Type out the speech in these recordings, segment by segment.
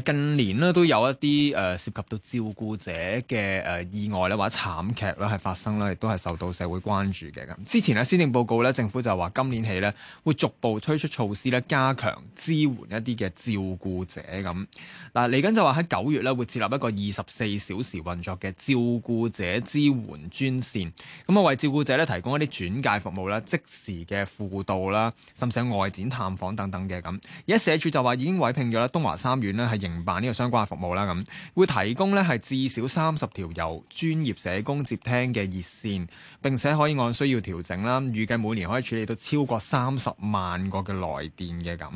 誒近年咧都有一啲誒涉及到照顧者嘅誒意外咧或者慘劇咧係發生咧，亦都係受到社會關注嘅咁。之前咧施政報告咧，政府就話今年起咧會逐步推出措施咧，加強支援一啲嘅照顧者咁。嗱嚟緊就話喺九月咧會設立一個二十四小時運作嘅照顧者支援專線，咁啊為照顧者咧提供一啲轉介服務啦、即時嘅輔導啦，甚至外展探訪等等嘅咁。而家社署就話已經委聘咗東華三院咧係。營辦呢個相關服務啦，咁會提供呢係至少三十條由專業社工接聽嘅熱線，並且可以按需要調整啦。預計每年可以處理到超過三十萬個嘅來電嘅咁。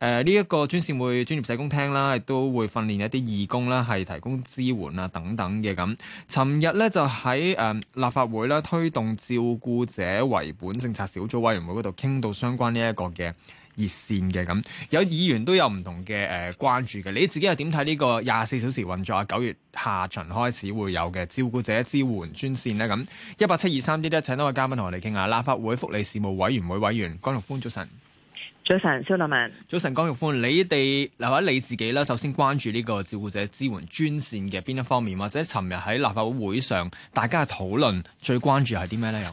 誒呢一個專線會專業社工聽啦，亦都會訓練一啲義工啦，係提供支援啊等等嘅咁。尋日呢，就喺誒、呃、立法會啦推動照顧者為本政策小組委員會嗰度傾到相關呢一個嘅熱線嘅咁，有議員都有唔同嘅誒、呃、關注嘅。你自己又點睇呢個廿四小時運作？九月下旬開始會有嘅照顧者支援專線呢？咁，一八七二三一一，請多位嘉賓同我哋傾下。立法會福利事務委員會委員江玉歡，早晨，早晨肖立文，早晨江玉歡，你哋留話你自己咧，首先關注呢個照顧者支援專線嘅邊一方面，或者尋日喺立法會會上大家嘅討論最關注係啲咩咧？又？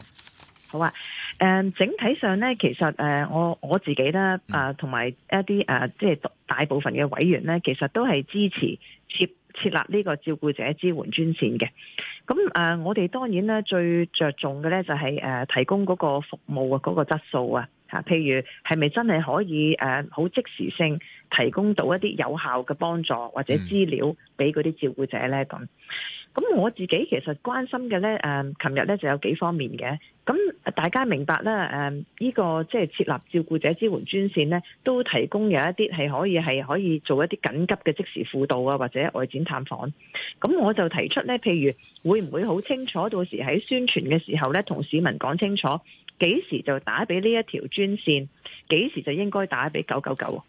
好啊，誒、嗯，整體上咧，其實誒、呃，我我自己咧，誒、呃，同埋一啲誒，即、呃、係、就是、大部分嘅委員咧，其實都係支持設設立呢個照顧者支援專線嘅。咁、嗯、誒、呃，我哋當然咧，最着重嘅咧就係、是、誒、呃，提供嗰個服務啊，嗰個質素啊。啊，譬如係咪真係可以誒好、呃、即時性提供到一啲有效嘅幫助或者資料俾嗰啲照顧者咧？咁、嗯，咁我自己其實關心嘅咧誒，琴日咧就有幾方面嘅。咁、呃、大家明白咧誒？依、呃呢個即係設立照顧者支援專線咧，都提供有一啲係可以係可以做一啲緊急嘅即時輔導啊，或者外展探訪。咁我就提出咧，譬如會唔會好清楚到時喺宣傳嘅時候咧，同市民講清楚？幾時就打俾呢一條專線，幾時就應該打俾九九九？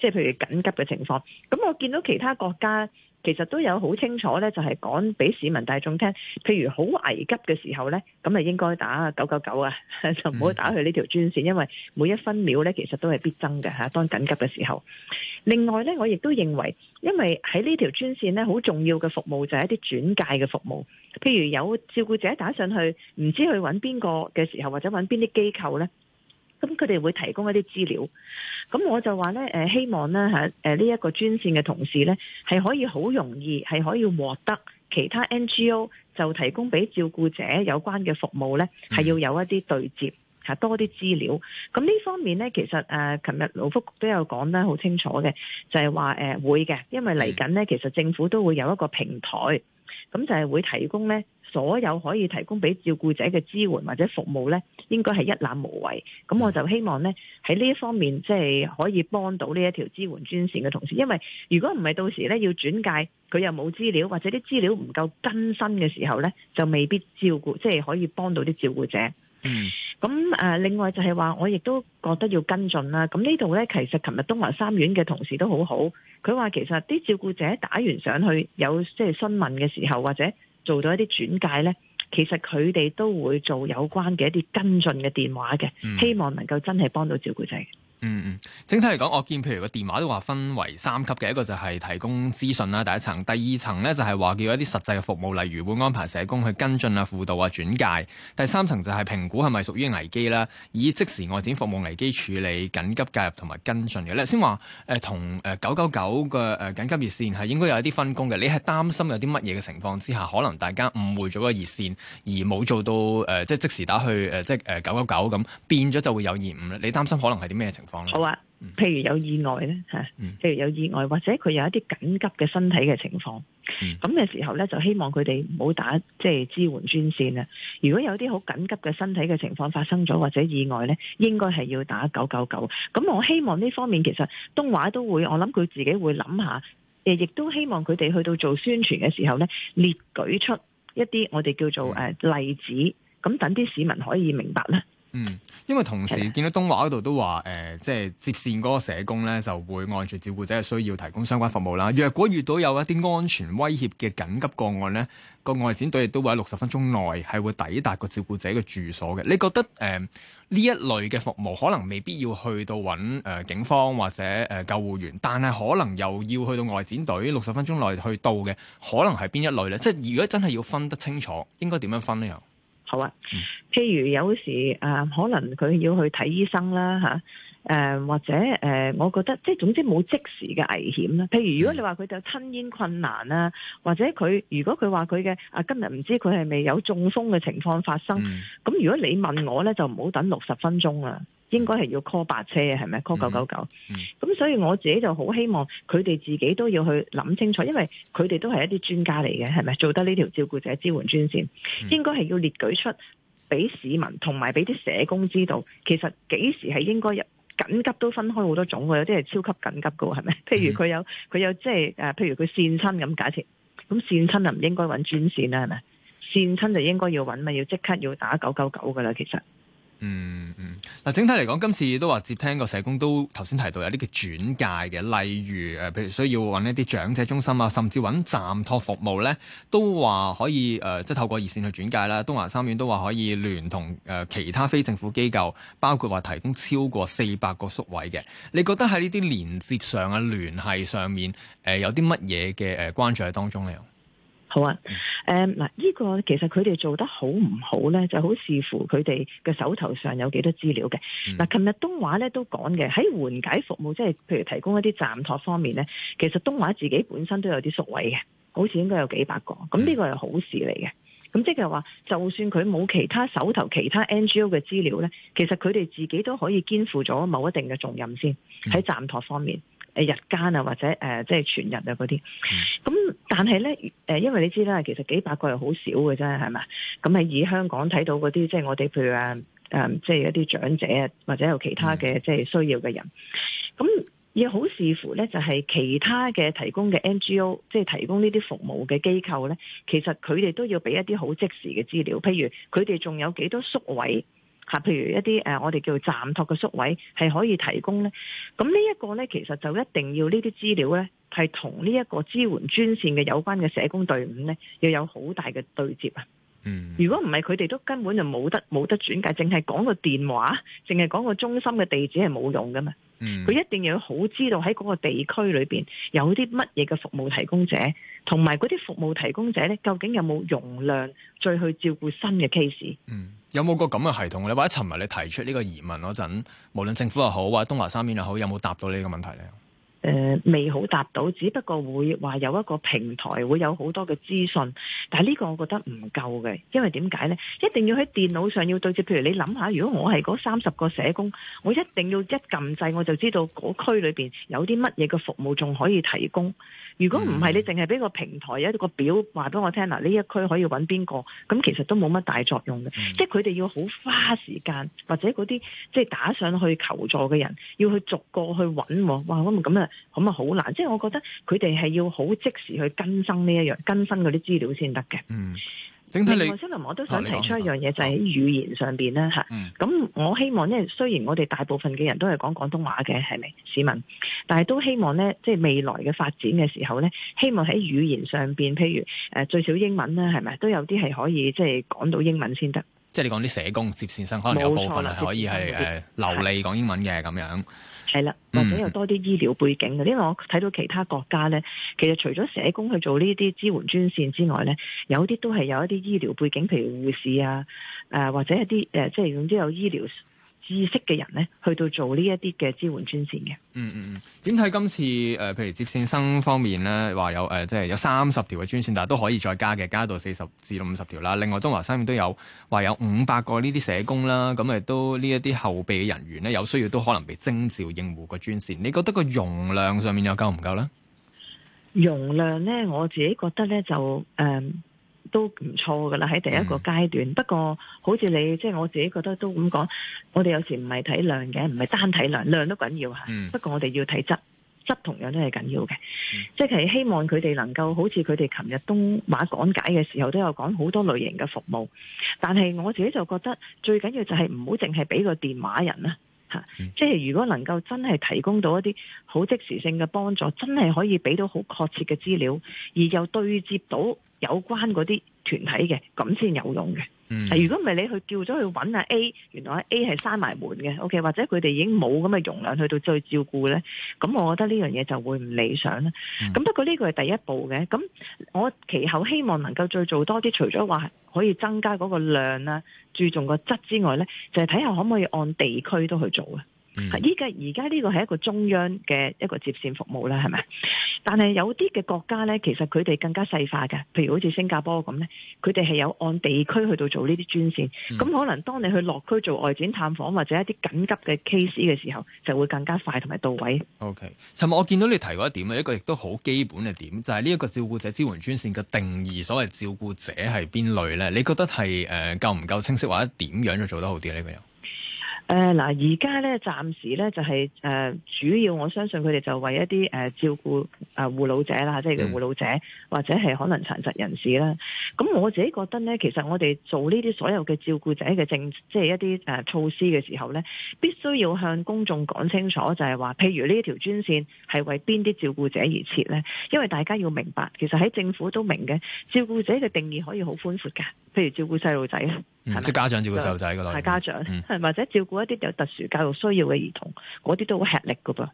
即係譬如緊急嘅情況。咁我見到其他國家。其實都有好清楚咧，就係講俾市民大眾聽，譬如好危急嘅時候咧，咁就應該打九九九啊， 就唔好打去呢條專線，因為每一分秒咧其實都係必爭嘅㗎、啊。當緊急嘅時候，另外咧我亦都認為，因為喺呢條專線咧好重要嘅服務就係一啲轉介嘅服務，譬如有照顧者打上去，唔知去揾邊個嘅時候，或者揾邊啲機構咧。咁佢哋會提供一啲資料，咁我就話呢，誒、呃，希望咧嚇誒呢一、啊啊呢個專線嘅同事呢，係可以好容易係可以獲得其他 NGO 就提供俾照顧者有關嘅服務呢，係要有一啲對接，係、啊、多啲資料。咁呢方面呢，其實誒，琴日勞福都有講得好清楚嘅，就係話誒會嘅，因為嚟緊呢，嗯、其實政府都會有一個平台，咁就係會提供呢，所有可以提供俾照顧者嘅支援或者服務呢，應該係一覽無遺。咁我就希望呢，喺呢一方面，即係可以幫到呢一條支援專線嘅同事。因為如果唔係到時呢要轉介，佢又冇資料或者啲資料唔夠更新嘅時候呢，就未必照顧，即係可以幫到啲照顧者。嗯。咁誒、呃，另外就係話，我亦都覺得要跟進啦。咁呢度呢，其實琴日東華三院嘅同事都好好。佢話其實啲照顧者打完上去有即係詢問嘅時候，或者，做到一啲轉介咧，其實佢哋都會做有關嘅一啲跟進嘅電話嘅，希望能夠真係幫到照顧者。嗯嗯，整體嚟講，我見譬如個電話都話分為三級嘅，一個就係提供資訊啦，第一層，第二層咧就係話叫一啲實際嘅服務，例如會安排社工去跟進啊、輔導啊、轉介，第三層就係評估係咪屬於危機啦，以即時外展服務危機處理、緊急介入同埋跟進嘅。咧先話誒同誒九九九嘅誒緊急熱線係應該有一啲分工嘅，你係擔心有啲乜嘢嘅情況之下，可能大家誤會咗個熱線而冇做到誒、呃、即係即時打去誒即係誒九九九咁變咗就會有延誤，你擔心可能係啲咩情況？好、哦、啊，譬如有意外咧嚇，嗯、譬如有意外或者佢有一啲緊急嘅身體嘅情況，咁嘅、嗯、時候咧就希望佢哋唔好打即係、就是、支援專線啊。如果有啲好緊急嘅身體嘅情況發生咗或者意外咧，應該係要打九九九。咁我希望呢方面其實東華都會，我諗佢自己會諗下，誒、呃、亦都希望佢哋去到做宣傳嘅時候咧，列舉出一啲我哋叫做誒、嗯、例子，咁等啲市民可以明白咧。嗯，因為同時見到東華嗰度都話誒、呃，即係接線嗰個社工呢，就會按住照顧者嘅需要提供相關服務啦。若果遇到有一啲安全威脅嘅緊急個案呢，個外展隊亦都會喺六十分鐘內係會抵達個照顧者嘅住所嘅。你覺得誒呢、呃、一類嘅服務可能未必要去到揾誒、呃、警方或者誒、呃、救護員，但係可能又要去到外展隊六十分鐘內去到嘅，可能係邊一類呢？即係如果真係要分得清楚，應該點樣分呢？又？好啊，譬如有時誒，啊，可能佢要去睇醫生啦嚇。啊誒、呃、或者誒、呃，我覺得即係總之冇即時嘅危險啦。譬如如果你話佢有吞嚥困難啦，或者佢如果佢話佢嘅啊今日唔知佢係咪有中風嘅情況發生，咁、嗯、如果你問我咧，就唔好等六十分鐘啦，應該係要 call 白車嘅，係咪 call 九九九？咁、嗯嗯、所以我自己就好希望佢哋自己都要去諗清楚，因為佢哋都係一啲專家嚟嘅，係咪做得呢條照顧者支援專線，應該係要列舉出俾市民同埋俾啲社工知道，其實幾時係應該入。緊急都分開好多種嘅，有啲係超級緊急嘅，係咪？譬如佢有佢有即係誒，譬如佢線親咁解釋，咁線親就唔應該搵專線啦，係咪？線親就應該要搵咪，要即刻要打九九九嘅啦，其實。嗯嗯，嗱，整體嚟講，今次都話接聽個社工都頭先提到有啲嘅轉介嘅，例如誒、呃，譬如需要搵一啲長者中心啊，甚至搵暫托服務咧，都話可以誒、呃，即係透過熱線去轉介啦。東華三院都話可以聯同誒、呃、其他非政府機構，包括話提供超過四百個宿位嘅。你覺得喺呢啲連接上啊、聯繫上面誒、呃，有啲乜嘢嘅誒關注喺當中咧？好啊，誒、嗯、嗱，依、呢個其實佢哋做得好唔好咧，就好視乎佢哋嘅手頭上有幾多資料嘅。嗱、嗯，琴日東華咧都講嘅，喺緩解服務，即係譬如提供一啲暫托方面咧，其實東華自己本身都有啲宿位嘅，好似應該有幾百個。咁、嗯、呢個係好事嚟嘅。咁、嗯嗯、即係話，就算佢冇其他手頭其他 NGO 嘅資料咧，其實佢哋自己都可以肩負咗某一定嘅重任先喺暫托方面。誒日間啊，或者誒、呃、即係全日啊嗰啲，咁但係咧誒，因為你知啦，其實幾百個係好少嘅啫，係咪？咁係以香港睇到嗰啲，即係我哋譬如啊誒、呃，即係一啲長者或者有其他嘅即係需要嘅人，咁又的好視乎咧，就係、是、其他嘅提供嘅 NGO，即係提供呢啲服務嘅機構咧，其實佢哋都要俾一啲好即時嘅資料，譬如佢哋仲有幾多宿位。吓，譬如一啲誒，我哋叫暫托嘅宿位，係可以提供咧。咁呢一個咧，其實就一定要呢啲資料咧，係同呢一個支援專線嘅有關嘅社工隊伍咧，要有好大嘅對接啊。嗯。如果唔係，佢哋都根本就冇得冇得轉介，淨係講個電話，淨係講個中心嘅地址係冇用㗎嘛。嗯。佢一定要好知道喺嗰個地區裏邊有啲乜嘢嘅服務提供者，同埋嗰啲服務提供者咧，究竟有冇容量再去照顧新嘅 case。嗯。有冇個咁嘅系統咧？或者尋日你提出呢個疑問嗰陣，無論政府又好，或者東華三院又好，有冇答到呢個問題咧？誒、呃、未好達到，只不過會話有一個平台會有好多嘅資訊，但係呢個我覺得唔夠嘅，因為點解呢？一定要喺電腦上要對接。譬如你諗下，如果我係嗰三十個社工，我一定要一撳掣我就知道嗰區裏邊有啲乜嘢嘅服務仲可以提供。如果唔係，你淨係俾個平台一個表話俾我聽嗱，呢一區可以揾邊個，咁其實都冇乜大作用嘅。嗯、即係佢哋要好花時間，或者嗰啲即係打上去求助嘅人要去逐個去揾，哇！咁咁啊～咁啊，好難！即係我覺得佢哋係要好即時去更新呢一樣、更新嗰啲資料先得嘅。嗯，整體嚟講，我都想提出一樣嘢，就喺語言上邊啦。吓、嗯。咁我希望咧，嗯嗯、雖然我哋大部分嘅人都係講廣東話嘅，係咪市民？但係都希望咧，即係未來嘅發展嘅時候咧，希望喺語言上邊，譬如誒最少英文啦，係咪都有啲係可以即係講到英文先得。即係你講啲社工接線生，可能有部分係可以係誒流利講英文嘅咁樣。係啦，嗯、或者有多啲醫療背景嘅，因為我睇到其他國家咧，其實除咗社工去做呢啲支援專線之外咧，有啲都係有一啲醫療背景，譬如護士啊，誒、呃、或者一啲誒、呃，即係總之有醫療知識嘅人咧，去到做呢一啲嘅支援專線嘅、嗯。嗯嗯嗯，點睇今次？誒、呃，譬如接線生方面咧，話有誒、呃，即係有三十條嘅專線，但係都可以再加嘅，加到四十至到五十條啦。另外，東華三院都有話有五百個呢啲社工啦，咁亦都呢一啲後備嘅人員咧，有需要都可能被徵召應付個專線。你覺得個容量上面又夠唔夠咧？容量咧，我自己覺得咧，就誒。嗯都唔錯㗎喇，喺第一個階段。嗯、不過，好似你即係我自己覺得都咁講，我哋有時唔係睇量嘅，唔係單睇量，量都緊要吓。嗯、不過我哋要睇質，質同樣都係緊要嘅。嗯、即係希望佢哋能夠好似佢哋琴日東話講解嘅時候都有講好多類型嘅服務，但係我自己就覺得最緊要就係唔好淨係俾個電話人啦吓。啊嗯、即係如果能夠真係提供到一啲好即時性嘅幫助，真係可以俾到好確切嘅資料，而又對接到。有關嗰啲團體嘅，咁先有用嘅。如果唔係你叫去叫咗去揾下 A，原來 A 係閂埋門嘅。OK，或者佢哋已經冇咁嘅容量去到再照顧呢。咁我覺得呢樣嘢就會唔理想啦。咁、嗯、不過呢個係第一步嘅。咁我其後希望能夠再做多啲，除咗話可以增加嗰個量啦，啊，注重個質之外呢，就係睇下可唔可以按地區都去做嘅。依家而家呢個係一個中央嘅一個接線服務啦，係咪？但係有啲嘅國家呢，其實佢哋更加細化嘅，譬如好似新加坡咁呢，佢哋係有按地區去到做呢啲專線。咁、嗯、可能當你去落區做外展探訪或者一啲緊急嘅 case 嘅時候，就會更加快同埋到位。O K，尋日，我見到你提過一點咧，一個亦都好基本嘅點，就係呢一個照顧者支援專線嘅定義，所謂照顧者係邊類呢？你覺得係誒夠唔夠清晰，或者點樣去做得好啲呢？這個又？誒，嗱、呃，而家咧，暫時咧就係、是、誒、呃，主要我相信佢哋就為一啲誒、呃、照顧啊護老者啦，即係護老者或者係可能殘疾人士啦。咁、嗯、我自己覺得咧，其實我哋做呢啲所有嘅照顧者嘅政，即係一啲誒、呃、措施嘅時候咧，必須要向公眾講清楚，就係話，譬如呢一條專線係為邊啲照顧者而設咧？因為大家要明白，其實喺政府都明嘅，照顧者嘅定義可以好寬闊噶，譬如照顧細路仔啊。嗯、吧即係家長照顧細路仔㗎喇，係家長，嗯、或者照顧一啲有特殊教育需要嘅兒童，嗰啲都好吃力㗎噃。咁、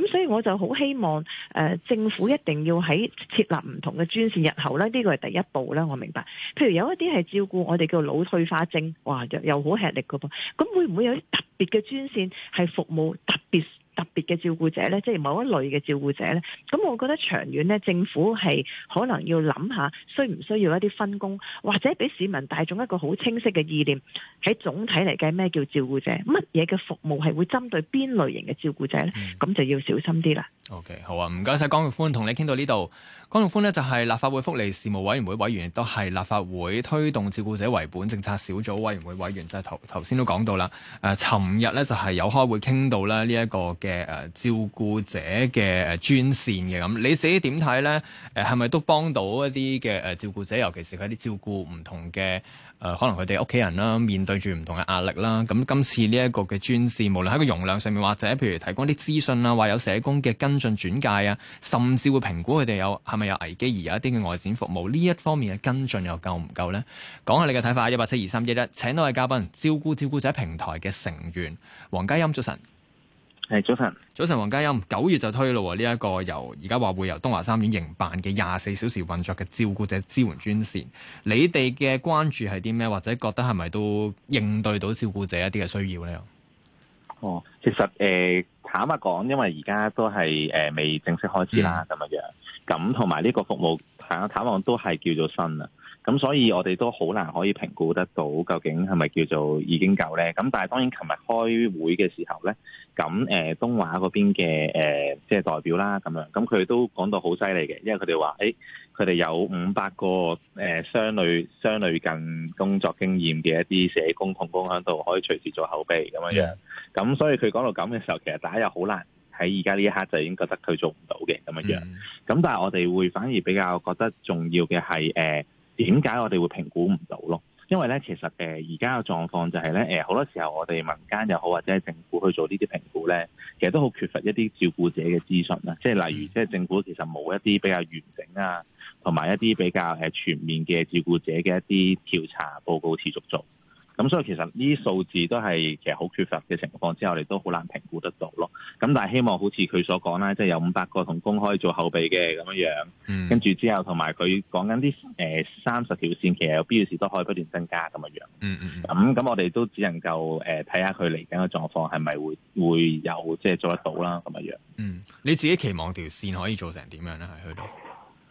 嗯、所以我就好希望誒、呃，政府一定要喺設立唔同嘅專線日後咧，呢個係第一步啦。我明白。譬如有一啲係照顧我哋叫腦退化症，哇，又又好吃力㗎噃。咁會唔會有啲特別嘅專線係服務特別？特別嘅照顧者咧，即係某一類嘅照顧者咧，咁我覺得長遠咧，政府係可能要諗下，需唔需要一啲分工，或者俾市民大眾一個好清晰嘅意念，喺總體嚟計咩叫照顧者，乜嘢嘅服務係會針對邊類型嘅照顧者咧？咁、嗯、就要小心啲啦。OK，好啊，唔該晒。江玉歡，同你傾到呢度。江玉歡呢，就係立法會福利事務委員會委員，亦都係立法會推動照顧者為本政策小組委員會委員。就係頭頭先都講到啦，誒，尋日咧就係有開會傾到咧呢一個嘅誒照顧者嘅專線嘅咁，你自己點睇咧？誒，係咪都幫到一啲嘅誒照顧者，尤其是佢啲照顧唔同嘅？誒、呃、可能佢哋屋企人啦，面對住唔同嘅壓力啦，咁今次呢一個嘅專線，無論喺個容量上面或者譬如提供啲資訊啊，或有社工嘅跟進轉介啊，甚至會評估佢哋有係咪有危機而有一啲嘅外展服務，呢一方面嘅跟進又夠唔夠呢？講下你嘅睇法，一八七二三一一，請到位嘉賓照顧照顧者平台嘅成員黃佳鑫，早晨。係早晨，早晨，黃佳鑫，九月就推啦，呢、這、一個由而家話會由東華三院營辦嘅廿四小時運作嘅照顧者支援專線，你哋嘅關注係啲咩？或者覺得係咪都應對到照顧者一啲嘅需要咧？哦，其實誒、呃，坦白講，因為而家都係誒未正式開始啦，咁樣、嗯、樣，咁同埋呢個服務坦坦白講都係叫做新啊。咁、嗯、所以，我哋都好難可以評估得到究竟係咪叫做已經夠咧？咁但係當然，琴日開會嘅時候呢，咁誒東華嗰邊嘅誒即係代表啦，咁樣咁佢都講到好犀利嘅，因為佢哋話誒，佢、欸、哋有五百個誒相類相類近工作經驗嘅一啲社工同工喺度，可以隨時做後備咁樣樣。咁所以佢講到咁嘅時候，其實大家又好難喺而家呢一刻就已經覺得佢做唔到嘅咁樣樣。咁但係我哋會反而比較覺得重要嘅係誒。呃點解我哋會評估唔到咯？因為咧，其實誒而家嘅狀況就係咧，誒好多時候我哋民間又好，或者係政府去做呢啲評估咧，其實都好缺乏一啲照顧者嘅資訊啦。即係例如，嗯、即係政府其實冇一啲比較完整啊，同埋一啲比較誒全面嘅照顧者嘅一啲調查報告持續做。咁、嗯、所以其實呢啲數字都係其實好缺乏嘅情況之下，我哋都好難評估得到咯。咁但係希望好似佢所講啦，即、就、係、是、有五百個同公開同工可以做後備嘅咁樣，跟住之後同埋佢講緊啲誒三十條線，其實有必要時都可以不斷增加咁嘅樣。嗯嗯。咁、嗯、咁、嗯、我哋都只能夠誒睇、呃、下佢嚟緊嘅狀況係咪會會有即係、就是、做得到啦咁嘅樣。嗯。你自己期望條線可以做成點樣咧？喺佢度。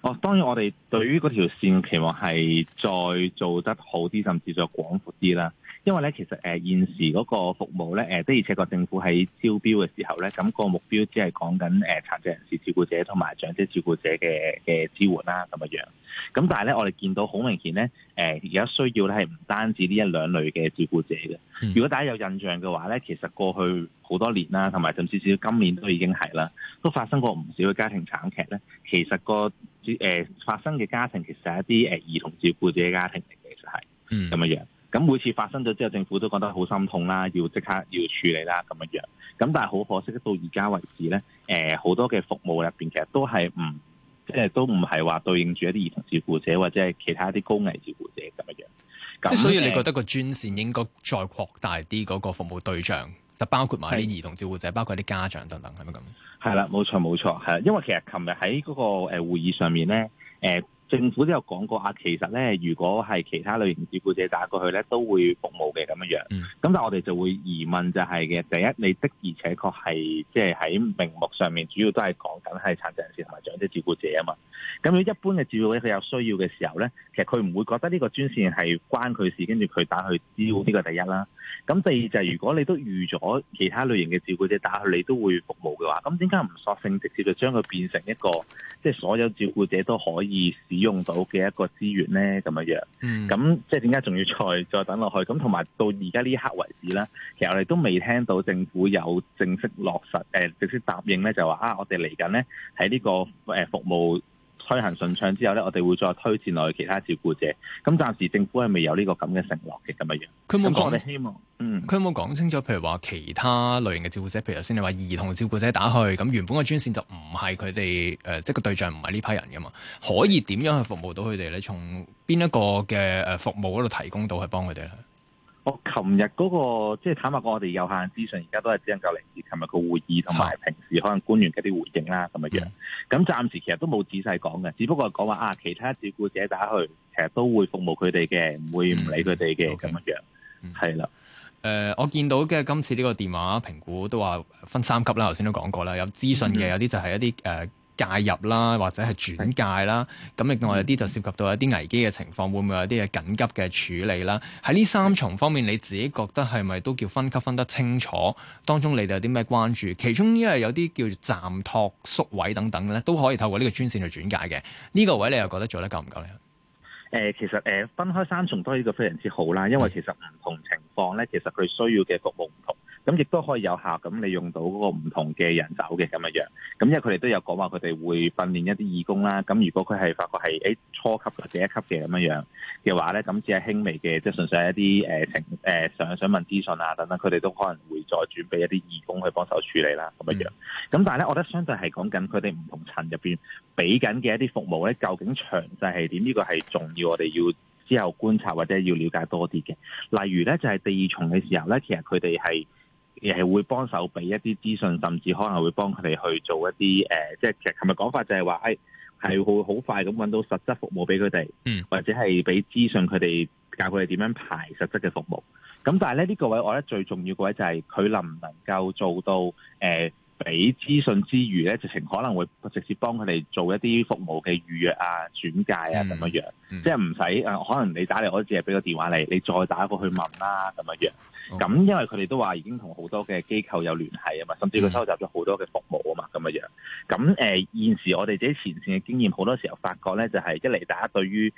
哦，當然我哋對於嗰條線嘅期望係再做得好啲，甚至再廣闊啲啦。因為咧，其實誒、呃、現時嗰個服務咧，誒、呃、的而且確政府喺招標嘅時候咧，咁、嗰個目標只係講緊誒殘疾人士照顧者同埋長者照顧者嘅嘅支援啦咁嘅樣。咁但係咧，我哋見到好明顯咧，誒而家需要咧係唔單止呢一兩類嘅照顧者嘅。嗯、如果大家有印象嘅話咧，其實過去好多年啦，同埋甚至至今年都已經係啦，都發生過唔少嘅家庭慘劇咧。其實個誒發生嘅家庭其實係一啲誒兒童照顧者嘅家庭嚟嘅，其實係咁嘅樣。咁每次發生咗之後，政府都覺得好心痛啦，要即刻要處理啦，咁嘅樣。咁但係好可惜，到而家為止咧，誒好多嘅服務入邊，其實都係唔即係都唔係話對應住一啲兒童照顧者或者係其他一啲高危照顧者咁嘅樣。即係所以，你覺得個專線應該再擴大啲嗰個服務對象？包括埋啲兒童照顧者，是包括啲家長等等，係咪咁？係啦，冇錯冇錯，係因為其實琴日喺嗰個誒會議上面咧，誒、呃。政府都有講過啊，其實咧，如果係其他類型照顧者打過去咧，都會服務嘅咁樣樣。咁但係我哋就會疑問就係、是、嘅，第一你的而且確係即係喺名目上面主要都係講緊係殘疾人士同埋長者照顧者啊嘛。咁如果一般嘅照顧者佢有需要嘅時候咧，其實佢唔會覺得呢個專線係關佢事，跟住佢打去招呢、這個第一啦。咁第二就係、是、如果你都預咗其他類型嘅照顧者打去你都會服務嘅話，咁點解唔索性直接就將佢變成一個即係、就是、所有照顧者都可以使用到嘅一個資源咧，咁樣樣，咁、嗯、即係點解仲要再再等落去？咁同埋到而家呢一刻為止啦，其實我哋都未聽到政府有正式落實，誒、呃，正式答應咧，就話啊，我哋嚟緊咧喺呢、這個誒、呃、服務。推行順暢之後咧，我哋會再推薦落去其他照顧者。咁暫時政府係未有呢個咁嘅承諾嘅咁樣。佢冇講，我哋希望，嗯，佢有冇講清楚？譬如話其他類型嘅照顧者，譬如頭先你話兒童照顧者打去，咁原本嘅專線就唔係佢哋，誒、呃，即係個對象唔係呢批人㗎嘛。可以點樣去服務到佢哋咧？從邊一個嘅誒服務嗰度提供到去幫佢哋咧？我琴日嗰個即係坦白講，我哋有限資訊，而家都係只能夠嚟自琴日個會議同埋平時可能官員嘅啲回應啦咁樣樣。咁、嗯、暫時其實都冇仔細講嘅，只不過講話啊，其他照顧者打去其實都會服務佢哋嘅，唔會唔理佢哋嘅咁樣樣。係啦，誒，我見到嘅今次呢個電話評估都話分三級啦，頭先都講過啦，有資訊嘅，嗯、有啲就係一啲誒。呃介入啦，或者係轉介啦，咁另外有啲就涉及到一啲危機嘅情況，會唔會有啲緊急嘅處理啦？喺呢三重方面，你自己覺得係咪都叫分級分得清楚？當中你哋有啲咩關注？其中因為有啲叫暫託宿位等等咧，都可以透過呢個專線去轉介嘅。呢個位你又覺得做得夠唔夠咧？誒、呃，其實誒、呃、分開三重多呢個非常之好啦，因為其實唔同情況呢，嗯、其實佢需要嘅服務唔同。咁亦都可以有效咁利用到嗰個唔同嘅人手嘅咁嘅樣。咁因為佢哋都有講話，佢哋會訓練一啲義工啦。咁如果佢係發覺係誒初級或者一級嘅咁嘅樣嘅話咧，咁只係輕微嘅，即係純粹一啲誒情誒想想問資訊啊等等，佢哋都可能會再轉俾一啲義工去幫手處理啦咁嘅樣。咁但係咧，我覺得相對係講緊佢哋唔同層入邊俾緊嘅一啲服務咧，究竟詳細係點？呢個係重要，我哋要之後觀察或者要了解多啲嘅。例如咧，就係第二重嘅時候咧，其實佢哋係。亦係會幫手俾一啲資訊，甚至可能會幫佢哋去做一啲誒、呃，即係其實琴日講法就係話，誒、哎、係會好快咁揾到實質服務俾佢哋，嗯，或者係俾資訊佢哋教佢哋點樣排實質嘅服務。咁但係咧呢、這個位我覺得最重要個位就係、是、佢能唔能夠做到誒俾資訊之餘咧，直情可能會直接幫佢哋做一啲服務嘅預約啊、轉介啊咁、嗯、樣。即係唔使，可能你打嚟，我只係俾個電話你，你再打過去問啦咁樣樣。咁、哦、因為佢哋都話已經同好多嘅機構有聯繫啊嘛，甚至佢收集咗好多嘅服務啊嘛，咁樣樣。咁誒、呃，現時我哋自己前線嘅經驗，好多時候發覺咧，就係、是、一嚟大家對於誒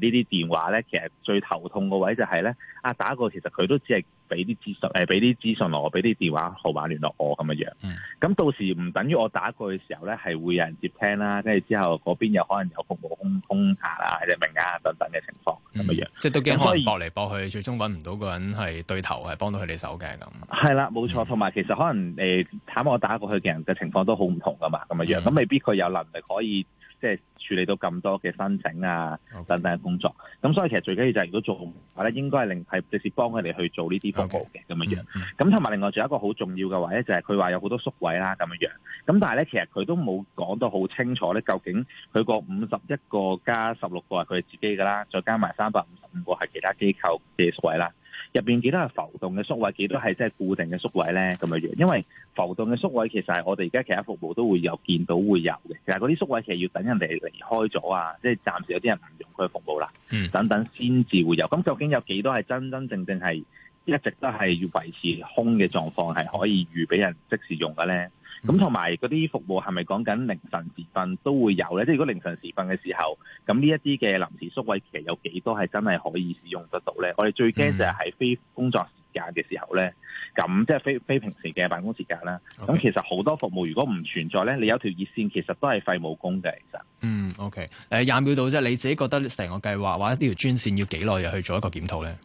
呢啲電話咧，其實最頭痛個位就係、是、咧，啊打過，其實佢都只係俾啲資訊，誒俾啲資訊我，俾啲電話號碼聯絡我咁樣樣。咁、嗯、到時唔等於我打過去嘅時候咧，係會有人接聽啦，跟住之後嗰邊又可能有服務工空查啦，或明，明。啊、等等嘅情況咁嘅樣，即係都驚可能搏嚟搏去，最終搵唔到個人係對頭，係幫到佢哋手嘅咁。係啦，冇錯，同埋、嗯、其實可能誒，慘、呃、我打過去嘅人嘅情況都好唔同㗎嘛，咁嘅樣，咁、嗯、未必佢有能力可以。即係處理到咁多嘅申請啊等等嘅工作，咁 Okay.、嗯、所以其實最緊要就係如果做好，話咧，應該係令係即是幫佢哋去做呢啲服務嘅咁樣樣。咁同埋另外仲有一個好重要嘅位咧，就係佢話有好多縮位啦咁樣樣。咁但係咧，其實佢都冇講到好清楚咧，究竟佢個五十一個加十六個係佢自己噶啦，再加埋三百五十五個係其他機構嘅縮位啦。入邊幾多係浮動嘅宿位，幾多係即係固定嘅宿位咧？咁樣樣，因為浮動嘅宿位其實係我哋而家其他服務都會有見到會有嘅。其實嗰啲宿位其實要等人哋離開咗啊，即係暫時有啲人唔用佢嘅服務啦，等等先至會有。咁究竟有幾多係真真正正係一直都係要維持空嘅狀況，係可以預畀人即時用嘅咧？咁同埋嗰啲服務係咪講緊凌晨時分都會有咧？即係如果凌晨時分嘅時候，咁呢一啲嘅臨時宿位其實有幾多係真係可以使用得到咧？我哋最驚就係喺非工作時間嘅時候咧，咁即係非非平時嘅辦公時間啦。咁、嗯、其實好多服務如果唔存在咧，你有條熱線其實都係廢武功嘅，其實嗯。嗯，OK，誒、呃、廿秒度啫，即係你自己覺得成個計劃或者呢條專線要幾耐去做一個檢討咧？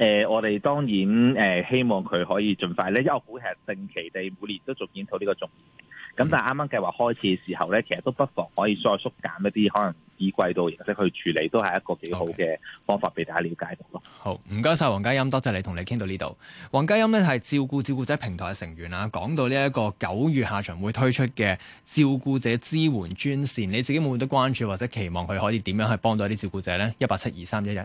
誒、呃，我哋當然誒、呃，希望佢可以盡快咧。因為我好係定期地每年都做檢討呢個綜，咁、嗯、但係啱啱計劃開始嘅時候咧，其實都不妨可以再縮減一啲，可能以季度形式去處理，都係一個幾好嘅方法俾大家了解到咯。Okay. 好，唔該晒黃佳鑫，多謝你同你傾到呢度。黃佳鑫咧係照顧照顧者平台嘅成員啊，講到呢一個九月下旬會推出嘅照顧者支援專線，你自己會唔會都關注或者期望佢可以點樣去幫到啲照顧者呢？一八七二三一一。